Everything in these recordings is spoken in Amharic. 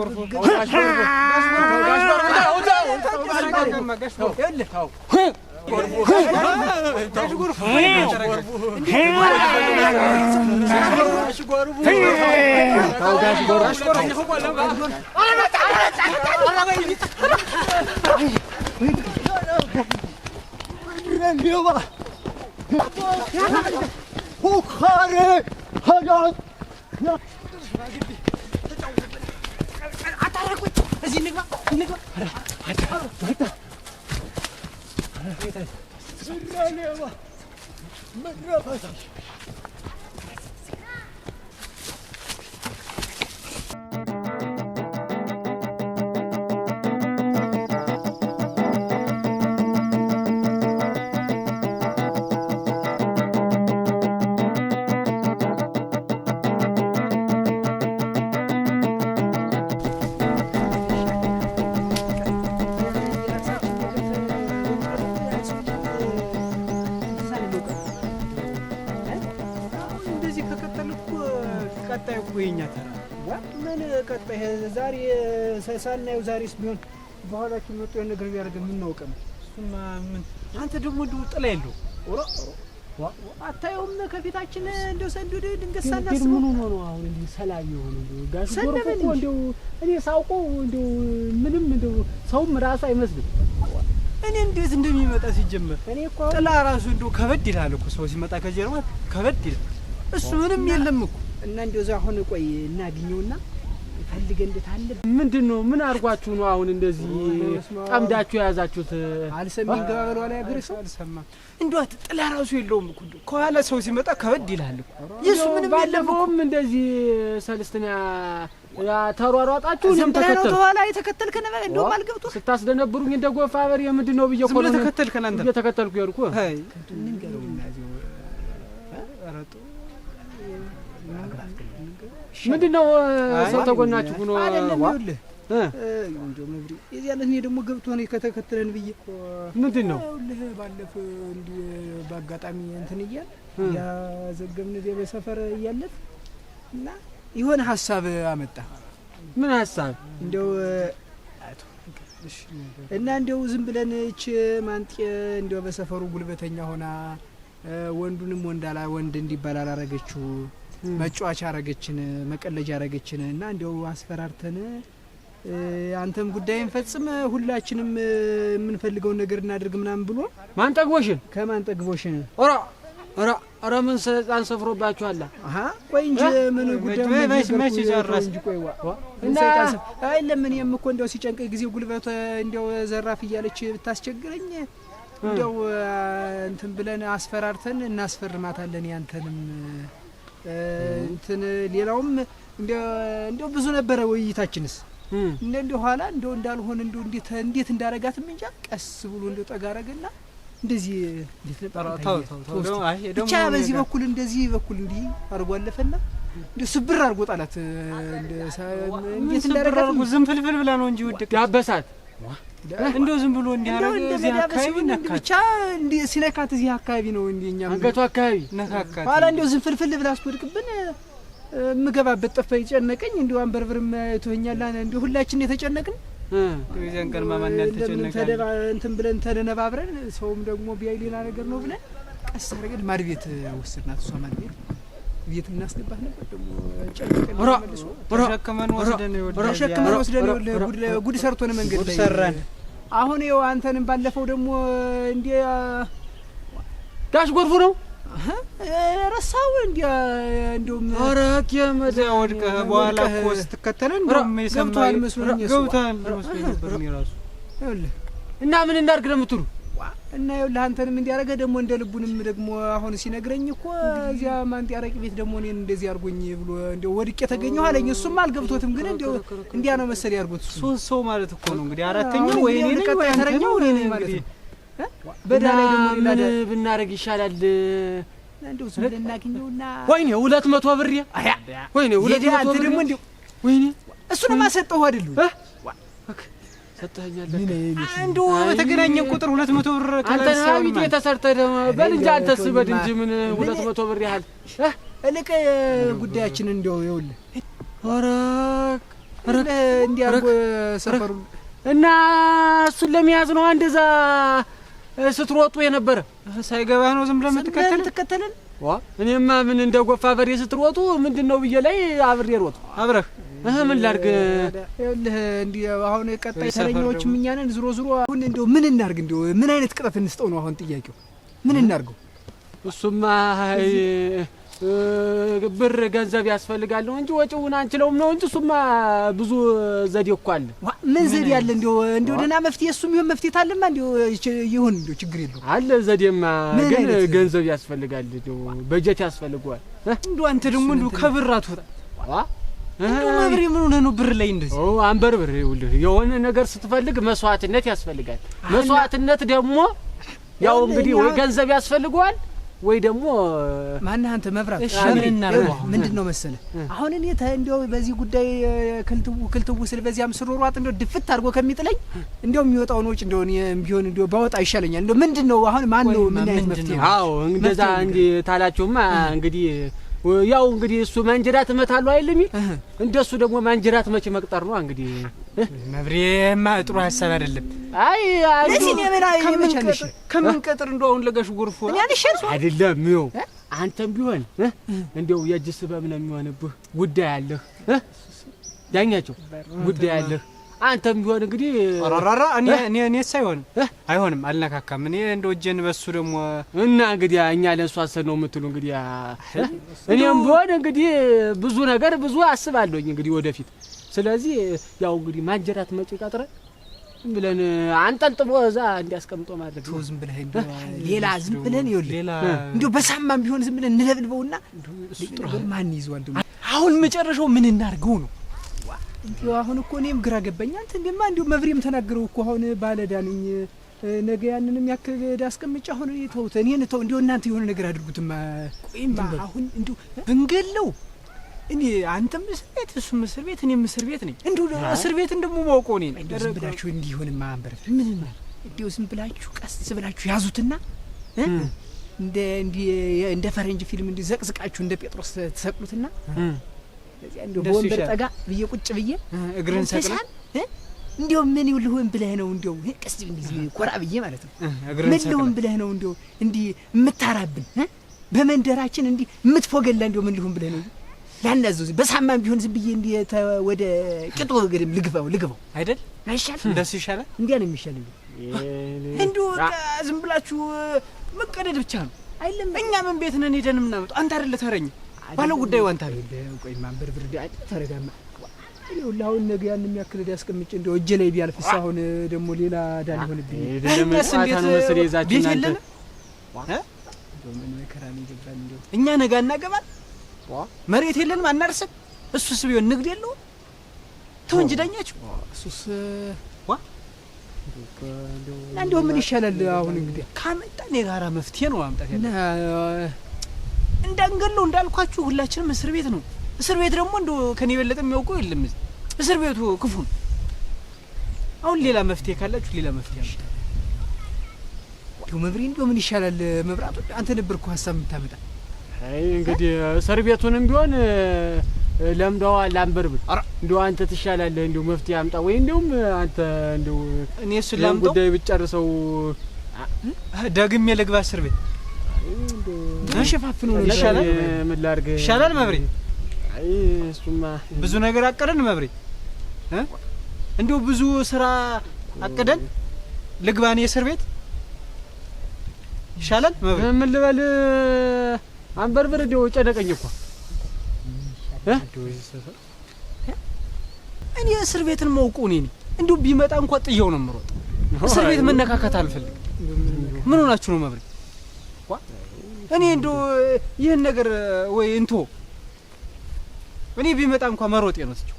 호카를 하여 그냥 እዚህ ቀጣይ እኮ ተራ ምን ቀጣይ ዛሬ ሳናየው ዛሬስ ቢሆን በኋላችን መጡ ነገር ቢያደርግ የምናውቀም እሱማ ምን አንተ ደግሞ እንደው ጥላ የለው አታየውም ከፊታችን እንደው ሰንዱ ድንገት ምን ሆኖ ነው አሁን እንዲህ ሰላም የሆነ እኔ ሳውቀው ምንም ሰውም ራሱ አይመስልም እኔ እንዴት እንደሚመጣ ሲጀመር እኔ እኮ ጥላ ራሱ እንደው ከበድ ይላል እኮ ሰው ሲመጣ ከጀርባ ከበድ ይላል እሱ ምንም የለም እኮ እና እንደዛ አሁን ቆይ እናግኘውና ፈልገ እንድታለ ምንድን ነው? ምን አድርጓችሁ ነው አሁን እንደዚህ ጠምዳችሁ የያዛችሁት? አልሰማኝ ገባ በለው ላይ አገር ሰው አልሰማም። እንደው ጥላ ራሱ የለውም እኮ ከኋላ ሰው ሲመጣ ከበድ ይላል እኮ የሱ ምንም ባለፈውም እንደዚህ ሰልስትና ተሯሯጣችሁ እኔም ተከተል ኋላ የተከተልከን እንደው አልገብቶ ስታስደነብሩኝ እንደ ጎፋ በሬ ምንድን ነው ብዬ እኮ ተከተልከን አንተ እየተከተልኩ የሄድኩ ምንድን ነው ሰው ተጎናችሁ ሆኖ አይደለም። ይኸውልህ እንደው መብሪ የዚያን እኔ ደግሞ ገብቶ ነው ከተከተለን ብዬ ምንድን ነው ይኸውልህ፣ ባለፈው እንዲህ በአጋጣሚ እንትን እያልን ያዘገብን እዚህ በሰፈር እያለን እና የሆነ ሀሳብ አመጣ። ምን ሀሳብ እንደው እና እንደው ዝም ብለን እች ማንጤ እንደው በሰፈሩ ጉልበተኛ ሆና ወንዱንም ወንዳላ ወንድ እንዲባል አላረገችው መጫዋች አረገችን፣ መቀለጅ አረገችን እና እንዲያው አስፈራርተን አንተም ጉዳይን ፈጽም ሁላችንም የምንፈልገውን ነገር እናድርግ ምናምን ብሎ ማንጠግቦሽን ከማንጠግቦሽን ራ ራ ረ ምን ስልጣን አሀ ቆይ እንጂ ምን ጉዳይ ነው ጉዳይመች ጨረስ እና አይ ለምን የምኮ እንዲያው ሲጨንቀኝ ጊዜ ጉልበቷ እንዲያው ዘራፍ እያለች ብታስቸግረኝ እንዲያው እንትን ብለን አስፈራርተን እናስፈርማታለን ያንተንም እንትን ሌላውም እንደው ብዙ ነበረ ውይይታችንስ እንደ እንደ ኋላ እንደው እንዳልሆን እንደው እንዴት እንዴት እንዳረጋት እንጃ ቀስ ብሎ እንደው ጠጋ አረገና እንደዚህ እንዴት ነበር ብቻ በዚህ በኩል እንደዚህ በኩል እንዲህ አርጎ አለፈና እንደ ስብር አርጎ ጣላት። እንዴት እንዳረጋት ዝም ፍልፍል ብላ ነው እንጂ ውድቅ ዳበሳት እንደው ዝም ብሎ እንዲያረግ እዚህ አካባቢ ነካ ብቻ ሲነካት እዚህ አካባቢ ነው እንዲ እኛ አንገቱ አካባቢ ነካካት። ኋላ እንደው ዝም ፍልፍል ብላ አስወድቅብን የምገባበት ጠፋኝ፣ ጨነቀኝ። እንደው አንበርብርም ትሆኛላ። እንዲ ሁላችን የተጨነቅን የዚያን ቀን ማማን ያልተጨነቀ እንትን ብለን ተደነባብረን፣ ሰውም ደግሞ ቢያይ ሌላ ነገር ነው ብለን ቀስ አድርገን ማድቤት ወሰድናት። እሷ ማድቤት ቤት እናስገባት ነበር። ደግሞ ሸክመን ወስደን ጉድ ሰርቶን መንገድ ላይ ሰራን። አሁን ይኸው አንተንም ባለፈው ደግሞ እንዲ ዳሽ ጎርፉ ነው ረሳው እንዲ እንዲሁም ኧረ ኬመዳ ወድቀህ በኋላ እኮ ስትከተለን ገብቷል መስሎኝ ገብቶሃል መስሎኝ ነበር እኔ እራሱ እና ምን እናድርግ ነው የምትሉ እና ይኸውልህ አንተንም እንዲያረገ ደግሞ እንደ ልቡንም ደግሞ አሁን ሲነግረኝ እኮ እዚያ ማንጤ አረቂ ቤት ደግሞ እኔን እንደዚህ አርጎኝ ብሎ እንደው ወድቄ ተገኘሁ አለኝ። እሱም አልገብቶትም፣ ግን እንደው እንዲያ ነው መሰል ያርጉት። ሶስት ሰው ማለት እኮ ነው እንግዲህ አራተኛው ወይ እኔ ነኝ ወይ ተረኛው እኔ ነኝ ማለት ነው። በዳላ ምን ብናረግ ይሻላል? እንደው ዝም ወይኔ ሁለት መቶ ብር ያ ወይኔ ሁለት መቶ ብር ደግሞ እንደው ወይኔ እሱንማ ሰጠሁ አይደል እንዲሁ በተገናኘን ቁጥር ሁለት መቶ ብር አንተን ሀቢት የተሰርተህ ደግሞ በል እንጂ አንተስ በል እንጂ ምን ሁለት መቶ ብር ያህል እልቅ ጉዳያችን እንዲያው ይኸውልህ ወረክ እንዲያ ሰፈሩ እና እሱን ለመያዝ ነው አንድ ስትሮጡ የነበረ ሳይገባህ ነው ዝም ብለህ የምትከተል እኔማ ምን እንደ ጎፋ በሬ ስትሮጡ ምንድን ነው ብዬ ላይ አብሬ ሮጡ አብረህ ምን ላርግ? ይኸውልህ እንዲህ አሁን ቀጣይ ተረኛዎችም እኛ ነን። ዝሮ ዝሮ አሁን እንዲ ምን እናርግ? እንዲ ምን አይነት ቅጣት እንስጠው ነው አሁን ጥያቄው? ምን እናርገው? እሱማ ብር ገንዘብ ያስፈልጋል ነው እንጂ ወጪውን አንችለውም ነው እንጂ እሱማ ብዙ ዘዴ እኮ አለ። ምን ዘዴ አለ? እንዲ እንዲ ደህና መፍትሄ እሱም ይሁን መፍትሄ ታለማ እንዲ ይሁን እንዲ ችግር የለውም አለ ዘዴማ፣ ግን ገንዘብ ያስፈልጋል፣ በጀት ያስፈልገዋል። እንዲ አንተ ደግሞ እንዲ ከብር አትወጣ መብሬ ምን ሆነህ ነው? ብር ላይ እንደዚህ አንበር ብር ይኸውልህ፣ የሆነ ነገር ስትፈልግ መስዋዕትነት ያስፈልጋል። መስዋዕትነት ደግሞ ያው እንግዲህ ወይ ገንዘብ ያስፈልገዋል ወይ ደግሞ ማነህ አንተ መብራት ምንድን ነው መሰለህ፣ አሁን እኔ እንዲያው በዚህ ጉዳይ ክልትው ክልትው ስል በዚያም ስሮሯጥ እንዲያው ድፍት አድርጎ ከሚጥለኝ እንዲያው የሚወጣውን ወጪ እንዲያው ቢሆን እንዲያው ባወጣ ይሻለኛል። እንዲያው ምንድን ነው አሁን ማን ነው ምን አይነት መፍትሄ? አዎ እንደዛ እንዲህ ታላችሁማ እንግዲህ ያው እንግዲህ እሱ ማንጀራት እመታለሁ አይልም የሚል እንደሱ ደግሞ ማንጀራት መቼ መቅጠር ነው እንግዲህ። መብሬማ ጥሩ ሀሳብ አይደለም። አይ ከምን ቀጥር እንደው አሁን ለጋሽ ጎርፎ አይደለም። ይኸው አንተም ቢሆን እንደው የእጅ ስበብ ነው የሚሆንብህ። ጉዳይ አለህ ዳኛቸው፣ ጉዳይ አለህ አንተም ቢሆን እንግዲህ ራራራ እኔ እኔ እኔስ አይሆንም አይሆንም፣ አልነካካም። እኔ እንደ ወጀን በሱ ደግሞ እና እንግዲህ እኛ ለእሱ አሰብ ነው የምትሉ እንግዲህ እኔም ቢሆን እንግዲህ ብዙ ነገር ብዙ አስባለሁኝ እንግዲህ ወደፊት። ስለዚህ ያው እንግዲህ ማንጀራት መጪ ቀጥረ ብለን አንጠልጥቦ እዛ እንዲያስቀምጦ ማድረግ ነው። ዝም ብለህ ሌላ ዝም ብለን ሌላ እንዲያው በሳማም ቢሆን ዝም ብለን እንለብልበውና ማን ይዘዋል? አሁን መጨረሻው ምን እናርገው ነው እንዲሁ አሁን እኮ እኔም ግራ ገባኝ። አንተ እንደማ እንዲሁ መብሬም ተናግረው እኮ አሁን ባለዕዳ ነኝ ነገ ያንንም ያክል ዕዳ አስቀምጬ አሁን ተውት፣ እኔን ተው፣ እንዲሁ እናንተ የሆነ ነገር አድርጉትማ። ቆይማ አሁን እንዲሁ ብንገለው እኔ አንተም እስር ቤት እሱም እስር ቤት እኔም እስር ቤት ነኝ። እንዲሁ እስር ቤት እንደሞ ማውቀው እኔ ነኝ። ዝም ብላችሁ እንዲሆንማ አንበረት ምን ማለት እንዲሁ ዝም ብላችሁ ቀስ ብላችሁ ያዙትና እንደ እንደ ፈረንጅ ፊልም እንዲህ ዘቅዝቃችሁ እንደ ጴጥሮስ ተሰቅሉትና እንደው በወንበር ጠጋ ብዬ ቁጭ ብዬ እግርን ሰቅለህ ምን ልሁን ብለህ ነው እንዲያው ቀስ ኮራ ብዬ ማለት ነው። ምን ብለህ ነው እንዲያው እንዲህ የምታራብን በመንደራችን እንዲህ የምትፎገላ እንዲያው ምን ልሆን ብለህ ነው በሳማም ቢሆን ዝም ብዬ እንዲህ ወደ ቅጡ ግድም አይደል እንደሱ ይሻላል። እንዲያ ነው የሚሻለው። እንዲሁ ዝም ብላችሁ መቀደድ ብቻ ነው አይለም። እኛ ምን ቤት ነን ሄደን የምናመጡ አንተ አይደለ ተረኛ ባለ ጉዳዩ አንተ ቆይ ማንበር ብርድ አይደል ተረጋማ። ይኸውልህ ነገ ያን የሚያክል ዕዳ አስቀምጬ እንደው እጄ ላይ ቢያልፍስ አሁን ደግሞ ሌላ ዕዳ ሊሆንብኝ እኛስ እንዴት ቤት የለንም እንደው ምን መከራ እንደው እኛ ነገ አናገባል መሬት የለንም አናርስም። እሱስ ቢሆን ንግድ የለውም ተው እንጂ ዳኛችሁ እሱስ እንደው ምን ይሻላል አሁን እንግዲህ ካመጣን የጋራ መፍትሄ ነው ማምጣት ያለ እንዳንገል እንዳልኳችሁ፣ ሁላችንም እስር ቤት ነው። እስር ቤት ደግሞ እንደ ከኔ የበለጠ የሚያውቀው የለም። እስር ቤቱ ክፉ ነው። አሁን ሌላ መፍትሄ ካላችሁ ሌላ መፍትሄ ነው። መብሬ እንዲያው ምን ይሻላል? መብራቱ አንተ ነበርኩ እኮ ሀሳብ የምታመጣ። አይ እንግዲህ እስር ቤቱንም ቢሆን ለምደዋ ላንበርብል እንዲያው አንተ ትሻላለህ። እንዲያው መፍትሄ አምጣ ወይ እንዲያውም አንተ እንዲያው እኔ እሱ ላምጣው ጉዳይ ብጨርሰው ደግሜ ልግባ እስር ቤት ሸፋፍኑ ይሻላል። መብሬ ብዙ ነገር አቀደን። መብሬ እንዲሁ ብዙ ስራ አቅደን ልግባኔ እስር ቤት ይሻላል። መብሬ ምን ልበል አንበርብር ጨነቀኝ እኮ እኔ እስር ቤትን መውቀው እኔ ነኝ። እንዲሁ ቢመጣ እንኳ ጥየው ነው የምሮጥ። እስር ቤት መነካከት አልፈልግ። ምን ሆናችሁ ነው መብሬ? እኔ እንዶ ይህን ነገር ወይ እንቶ እኔ ቢመጣ እንኳ መሮጤ ነው ትችው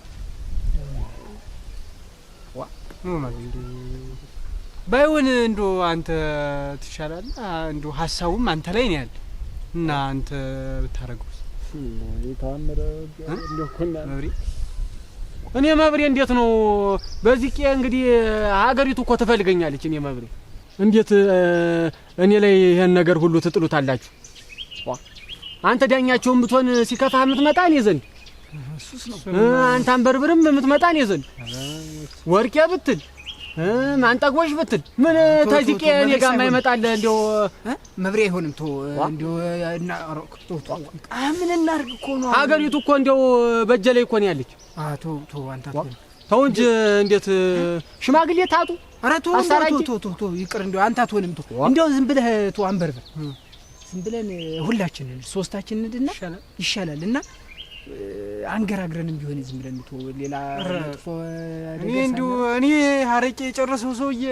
ባይሆን እንዶ አንተ ትሻላል እንዶ ሀሳቡም አንተ ላይ ነው ያለ እና አንተ ብታረገው እኔ መብሬ እንዴት ነው በዚህ ቄ እንግዲህ ሀገሪቱ እኮ ትፈልገኛለች። እኔ መብሬ እንዴት እኔ ላይ ይሄን ነገር ሁሉ ትጥሉታላችሁ? አንተ ዳኛቸውን ብትሆን ሲከፋህ የምትመጣ እኔ ዘንድ አንተ አንበርብርም የምትመጣ እኔ ዘንድ ወርቄ ብትል ማንጠግቦሽ ብትል ምን ተዚቄ እኔ ጋር የማይመጣልህ እንደው መብሬ አይሆንም። ቶ ምን እናርግ እኮ ነው ሀገሪቱ እኮ እንደው በእጄ ላይ እኮ ነው ያለች። ተው እንጂ እንዴት ሽማግሌ ታጡ ቶ ይቅር። እንደው አንተ አትሆንም። እንደው ዝም ብለህ አንበርብር ዝም ብለን ሁላችንን ሶስታችን እንድና ይሻላል እና አንገራግረንም ቢሆን ዝም ብለን ሌላ መጥፎ እኔ እንዲሁ እኔ ሀረቄ የጨረሰው ሰውዬ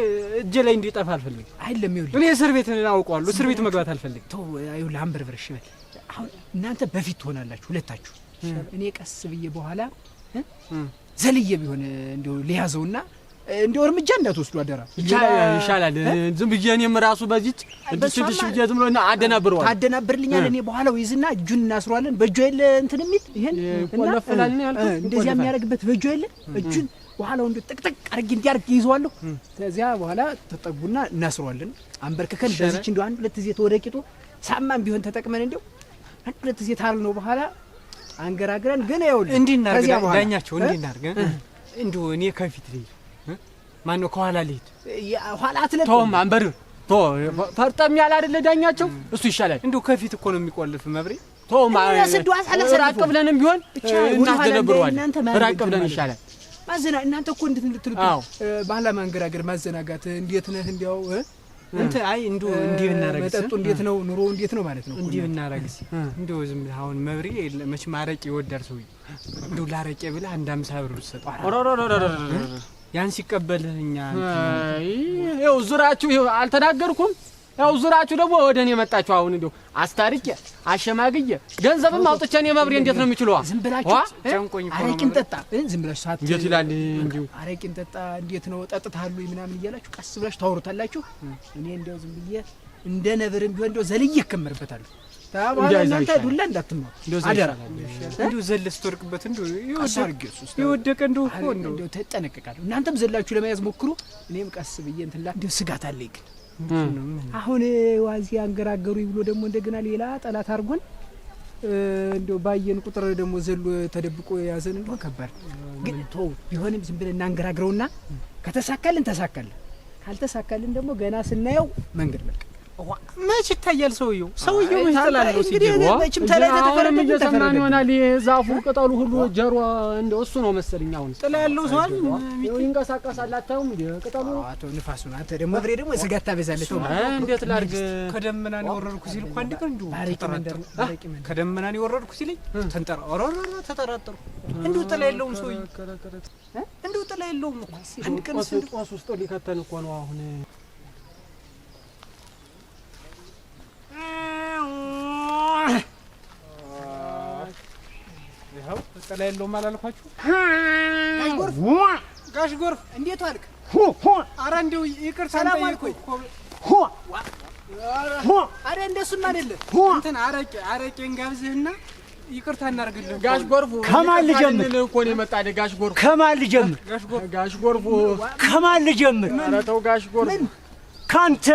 እጄ ላይ እንዲጠፋ አልፈልግ። አይለም ይኸውልህ፣ እኔ እስር ቤት አውቀዋለሁ። እስር ቤት መግባት አልፈልግ። ቶ ይኸውልህ፣ አንበርበር እሺ በል። አሁን እናንተ በፊት ትሆናላችሁ ሁለታችሁ፣ እኔ ቀስ ብዬ በኋላ ዘልዬ ቢሆን እንዲ ሊያዘውና እንደው እርምጃ እንዳትወስዱ አደራ። ይሻላል ዝም ብዬ እኔም ራሱ በዚች እድሽ እድሽ ብዬ ዝም ብሎ አደናብረዋል። ታደናብርልኛል። እኔ በኋላው ይዝና እጁን እናስሯለን። በእጁ የለ እንትን የሚል ይሄን እንደዚያ የሚያደርግበት በእጁ የለ እጁን በኋላ ወንዱ ጥቅጥቅ አድርጌ እንዲያርግ ይዘዋለሁ። ከዚያ በኋላ ተጠጉና እናስሯለን። አንበርክከን በዚች እንዲ አንድ ሁለት ጊዜ ተወደቂቶ ሳማን ቢሆን ተጠቅመን እንዲው አንድ ሁለት ጊዜ ታል ነው በኋላ አንገራግረን ግን ይኸውልህ እንዲናርግ ዳኛቸው እንዲናርግ እንዲሁ እኔ ከፊት ልይ ማን ነው ከኋላ ልሂድ? ኋላ አትለ ቶም አንበር ቶ ፈርጠም ያለ አይደለ ዳኛቸው እሱ ይሻላል። እንዲሁ ከፊት እኮ ነው የሚቆልፍ መብሬ ተውም ራቅ ብለንም ቢሆን እናስደነብረዋለን። ራቅ ብለን ይሻላል። ማዘና እናንተ እኮ እንዴት ልትሉት ባህላ ማንገራገር ማዘናጋት እንዴት ነህ እንዲያው እንት አይ እንዱ እንዲህ ብናረግስ መጠጡ እንዴት ነው ኑሮ እንዴት ነው ማለት ነው። እንዲህ ብናረግስ እንዲሁ ዝም አሁን መብሬ መቼም አረቄ ይወዳል ሰውዬ። እንዲሁ ላረቄ ብለህ አንድ አምሳ ብር ልትሰጠው ያን ሲቀበልህኛ እኛ ይኸው ዙራችሁ ይኸው አልተናገርኩም። ያው ዙራችሁ ደግሞ ወደ እኔ መጣችሁ። አሁን እንዲሁ አስታርቄ አሸማግዬ ገንዘብም አውጥቼ እኔ መብሬ እንዴት ነው የሚችለው? ዝም ብላችሁ ጨንቆኝ አረቂን ጠጣ ዝም ብላችሁ ሰዓት እንዴት ይላል እንዲሁ አረቂን ጠጣ እንዴት ነው ጠጥታሉ ምናምን እያላችሁ ቀስ ብላችሁ ታወሩታላችሁ። እኔ እንዲያው ዝም ብዬ እንደ ነብርም ቢሆን እንዲያው ዘልዬ እከመርበታለሁ። እናንተ ዱላ እንዳትማሩ አደራ። እንዲሁ ዘለ ስትወርቅበት የወደቀ እንዲሁ ተጠነቀቃለሁ። እናንተም ዘላችሁ ለመያዝ ሞክሩ። እኔም ቀስ ብዬ እንትን እንዲሁ ስጋት አለኝ። ግን አሁን ዋዚ አንገራገሩ ብሎ ደግሞ እንደገና ሌላ ጠላት አድርጎን እንዲሁ ባየን ቁጥር ደግሞ ዘሎ ተደብቆ የያዘን እንዲሁ ከባድ ግን ተው። ቢሆንም ዝም ብለን እናንገራግረውና ከተሳካልን ተሳካልን፣ ካልተሳካልን ደግሞ ገና ስናየው መንገድ መልቀቅ መች ይታያል ሰውየው ሰውየው መች ተላለሁ ሲጀምር መችም ተላለሁ ተፈረም እየሰማን ይሆናል። የዛፉ ቅጠሉ ሁሉ ጀሮ እንደው እሱ ነው መሰለኝ። አሁን ጥላለው ሰዋል ይንቀሳቀሳል። አታዩም እንዴ ቅጠሉ? አቶ ንፋሱን አንተ ደግሞ ፍሬ ደግሞ ስጋት ታበዛለህ። እንዴት ላድርግ? ከደመና ነው የወረድኩ ሲል እኮ አንድ ቀን እንደው ከደመና ነው የወረድኩ ሲል ተንጠራ ኦሮሮ ተጠራጠሩ። እንደው ጥላ የለውም ሰውዬው እንደው ጥላ የለውም። አንድ ቀን ስንት ቋስ ውስጥ ሊከተን እኮ ነው አሁን ይኸው ጥላ የለውም አላልኳችሁ? ጋሽ ጎርፍ እንዴት ዋልክ? ኧረ እንደው ይቅርታ አልኩኝ። ኧረ እንደሱም አይደለም እንትን አረቄ አረቄን ጋብዝህና ይቅርታ እናድርግልህ። ጋሽ ጎርፉ ከማን ልጀምር እኮ ነው የመጣህ? ጋሽ ጎርፉ ከማን ልጀምር? ጋሽ ጎርፉ ከማን ልጀምር? ኧረ ተው ጋሽ ጎርፉ። ከአንተ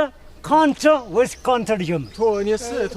ከአንተ ወይስ ከአንተ ልጀምር? ቶ እኔስ ቶ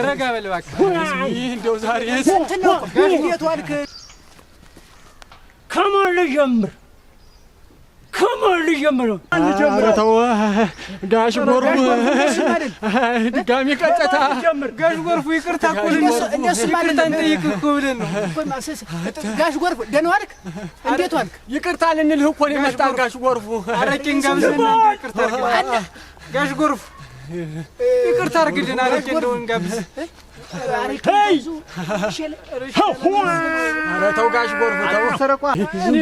ረጋ በል እባክህ። ይህ እንደው ዛሬ ስንት ነው? ጋሽ ቤቱ አልክ ከማን ልጀምር? ከመል ጀምሮ አንጀምረተው ጋሽ ጎርፉ ድጋሚ ቀጥታ ጋሽ ጎርፉ ይቅርታ እኮ ማለት እንጠይቅ እኮ ብለን ጋሽ ጎርፉ ደህና ዋልክ? እንዴት ዋልክ? ይቅርታ ልንልህ እኮ ነው የመጣን። ጋሽ ጎርፉ አረቄን ጋብዘና ጋሽ ጎርፉ ይቅርታ አርግልን አረቄ እንደው እንጋብዝ። ተው ጋሽ ተው፣ ሰረቋ እኔ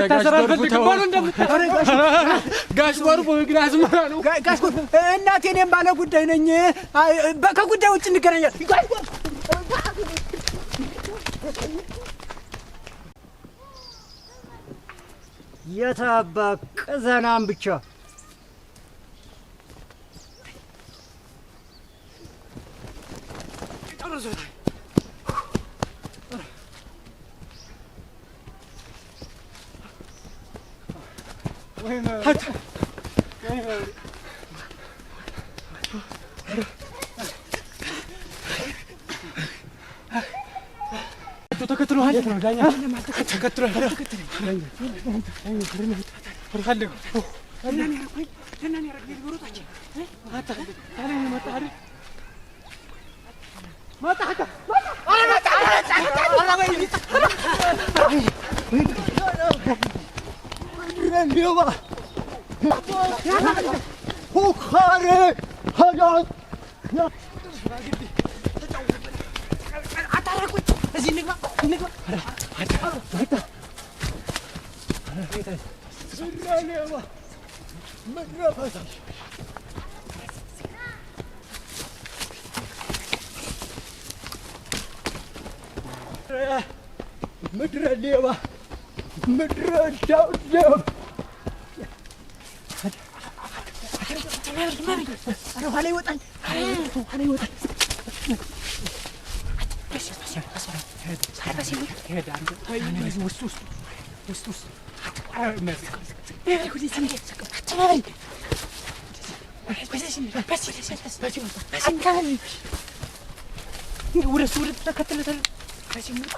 መታሰር አልፈልግም። ጋሽ አዝመራ ነው። ጋሽ እናቴ፣ እኔም ባለ ጉዳይ ነኝ። ከጉዳይ ውጭ እንገናኛለን። ጋሽ ጎርፉ ብቻ それ。入った ተከትሎ ተከትሎ ተከትሎ 맞다 맞다 맞다 알아 맞다 알아 맞다 알아 맞다 이래 미워봐 폭발을 하여 아따라고 다시 있는 거야 있는 거야 알아 맞다 맞다 알아 미워봐 미워봐 ምድረ ሌባ ምድረ ዳውደብ ኋላ ይወጣል ኋላ ይወጣል ወደ እሱ ወደ ተከተለ Почему? Почему?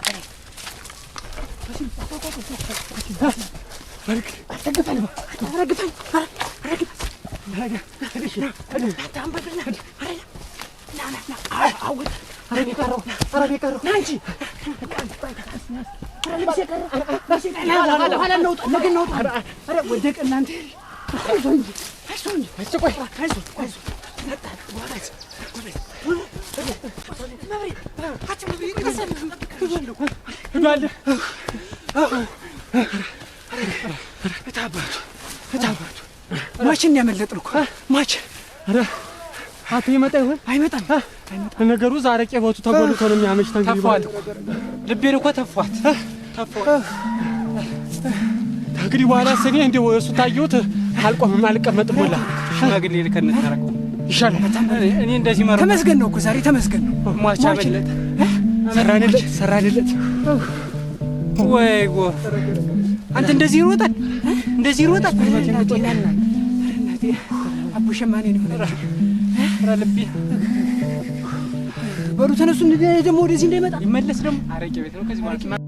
ማችን ያመለጥን እኮ ማች አቶ ይመጣ ይሆን? አይመጣም። ነገሩ ዛሬ ቄበቱ ተጎልቶ ነው የሚያመሽ። ተንግዲህ ልቤን እኮ ተፏት እንግዲህ በኋላ ስኔ እንደ እሱ ታየሁት አልቆምም አልቀመጥም። ሞላ ሽማግሌ ልከን ታረቀው ይሻላል። እኔ እንደዚህ ተመስገን ነው እኮ ዛሬ ተመስገን ነው። ሟች አመለጠ። ሰራንለት ሰራንለት። ወይ አንተ እንደዚህ ይሮጣል፣ እንደዚህ ይሮጣል። አቡ ሸማኔ ነው ልቤ። ተነሱ፣ ደግሞ ወደዚህ እንዳይመጣ ይመለስ። ደግሞ አረቄ ቤት ነው ከዚህ